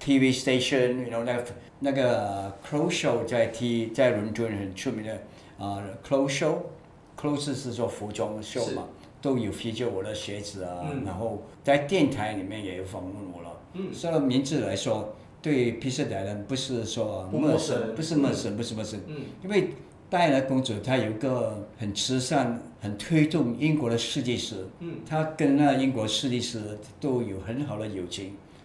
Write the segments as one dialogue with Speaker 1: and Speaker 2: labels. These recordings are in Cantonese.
Speaker 1: TV station，你知唔知？那個 Clothes Show 在 T 在倫敦很出名的，啊 Clothes Show，Clothes 是做服裝的 show 嘛，都有 feature 我的鞋子啊、嗯。然後在電台裏面也有訪問我了。嗯，所以名字來說，對披薩達人不是說陌生、嗯，不是陌生、嗯，不是陌生。嗯。因為戴安娜公主她有一個很慈善、很推動英國的設計師，嗯。她跟那英國設計師都有很好的友情。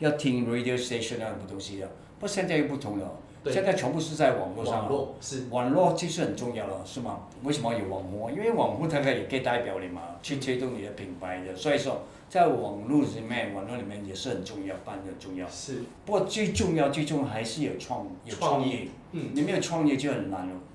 Speaker 1: 要聽 radio station 那什麼東西的，不過，現在又不同了，現在全部是在網絡上了。網絡是，網絡其實很重要了，是嗎？為什麼有網紅？因為網紅，它可以可以代表你嘛、嗯，去推動你的品牌的。所以說在網絡裏面，網絡裏面也是很重要，非常重要。是。不過最重要、最重要還是有創，有創意、嗯，你沒有創業就很難了。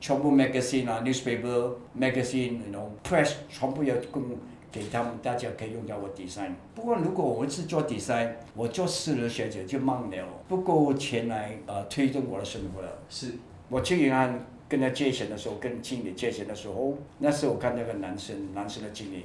Speaker 1: 全部 magazine 啊，newspaper，magazine，你 you know press，全部要供給他們，大家可以用到我 design。不過如果我們是做 design，我做私人設計就慢了咯。不夠錢來呃推動我的生活了。是。我去銀行跟他借錢的時候，跟經理借錢的時候，哦，那時候我看那個男生，男生的經理。